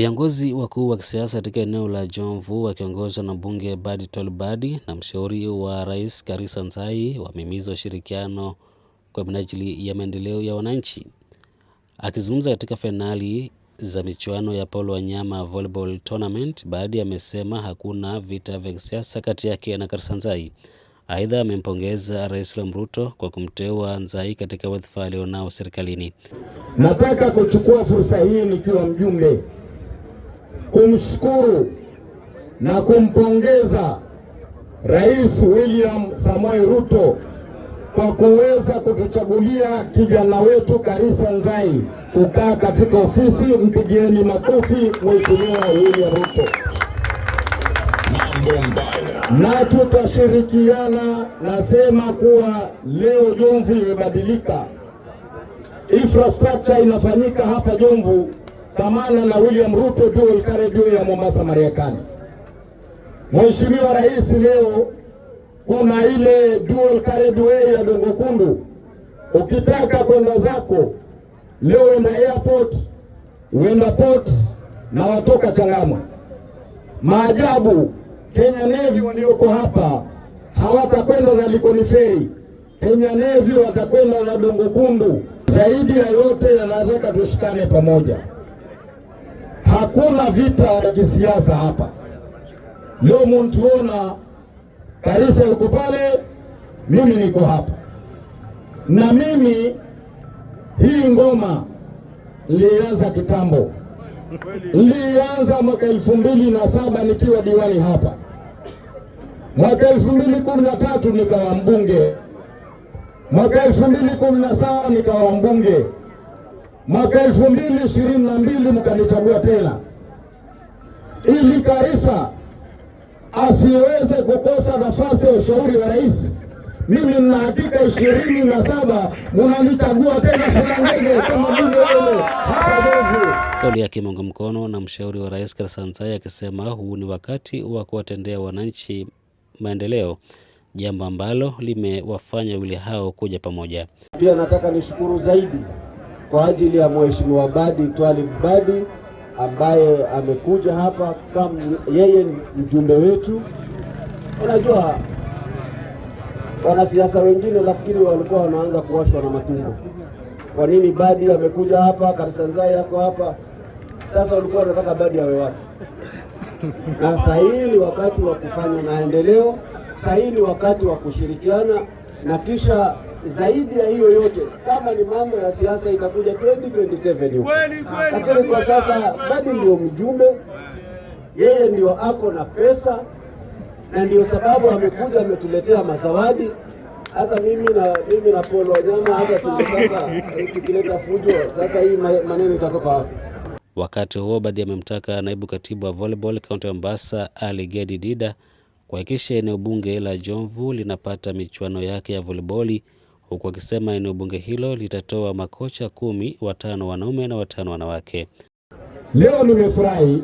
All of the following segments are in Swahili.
Viongozi wakuu wa kisiasa katika eneo la Jomvu wakiongozwa na mbunge Badi Tolbadi na mshauri wa rais Karisa nzai wamehimiza ushirikiano kwa minajili ya maendeleo ya wananchi. Akizungumza katika fainali za michuano ya Paul Wanyama Volleyball Tournament, Badi amesema hakuna vita vya kisiasa kati yake na Karisa Nzai. Aidha, amempongeza Rais William Ruto kwa kumteua Nzai katika wadhifa alionao serikalini. Nataka kuchukua fursa hii nikiwa mjumbe kumshukuru na kumpongeza Rais William Samoei Ruto kwa kuweza kutuchagulia kijana wetu Karisa Nzai kukaa katika ofisi. Mpigieni makofi Mheshimiwa William Ruto. Na tutashirikiana, nasema kuwa leo Jomvu imebadilika, infrastructure inafanyika hapa Jomvu samana na William Ruto dual carrier juu ya Mombasa Marekani. Mheshimiwa Rais, leo kuna ile dual Carriageway ya dongokundu ukitaka kwenda zako leo uenda airport, uenda port na watoka Changamwe. Maajabu, Kenya Navy walioko hapa hawatakwenda na Likoni Ferry, Kenya Navy watakwenda na dongokundu Zaidi ya yote, yanataka tushikane pamoja. Hakuna vita ya kisiasa hapa. Leo muntuona Karisa yuko pale, mimi niko hapa, na mimi hii ngoma nilianza kitambo, nilianza mwaka elfu mbili na saba nikiwa diwani hapa, mwaka elfu mbili kumi na tatu nikawa mbunge, mwaka elfu mbili kumi na saba nikawa mbunge mwaka elfu mbili ishirini na mbili mkanichagua tena ili Karisa asiweze kukosa nafasi ya ushauri wa rais. Mimi nina hakika ishirini na saba munanichagua tena Silange kama bunge wenu kauli yakimunga mkono na mshauri wa rais Karisa akisema huu ni wakati wa kuwatendea wananchi maendeleo, jambo ambalo limewafanya wili hao kuja pamoja. Pia nataka nishukuru zaidi kwa ajili ya Mheshimiwa Badi Twalib Badi ambaye amekuja hapa kama yeye mjumbe wetu. Unajua, wanasiasa wengine nafikiri walikuwa wanaanza kuwashwa na matumbo. Kwa nini Badi amekuja hapa? Karisanzai yako hapa sasa, walikuwa wanataka Badi awe wapi? Na sahihi ni wakati wa kufanya maendeleo, sahihi ni wakati wa kushirikiana na kisha zaidi ya hiyo yote, kama ni mambo ya siasa itakuja 2027 huko, lakini kwa sasa bado ndio mjumbe, yeye ndio ako na pesa na ndio sababu amekuja ametuletea mazawadi. Sasa mimi na mimi na Paul Wanyama hata tunataka tukileta fujo, sasa hii maneno itatoka wapi? Wakati huo Badi amemtaka naibu katibu wa volleyball kaunti ya Mombasa Ali Gedi Dida kuhakikisha eneo bunge la Jomvu linapata michuano yake ya volleyball huku akisema eneo bunge hilo litatoa makocha kumi, watano wanaume na watano wanawake. Leo nimefurahi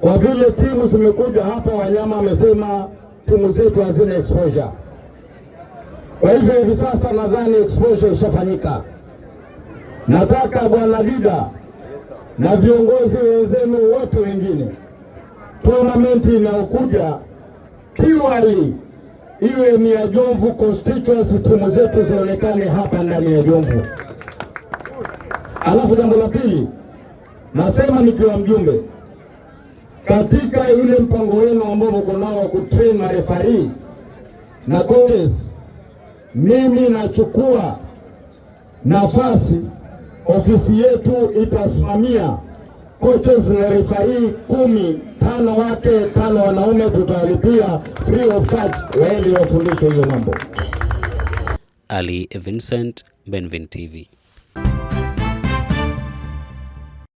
kwa vile timu zimekuja hapa. Wanyama wamesema timu zetu hazina exposure, kwa hivyo hivi sasa nadhani exposure ishafanyika. Nataka bwana Dida na viongozi wenzenu wote wengine, tournament inayokuja kiwali iwe ni ya Jomvu constituency, timu zetu zionekane hapa ndani ya Jomvu. Alafu jambo la pili nasema nikiwa mjumbe katika yule mpango wenu ambao mko nao wa kutrain marefari na coaches, mimi nachukua nafasi, ofisi yetu itasimamia coaches na refari kumi tano wake tano wanaume tutawalipia free of charge, waende wafundishwe hiyo mambo. Ali Vincent, Benvin TV.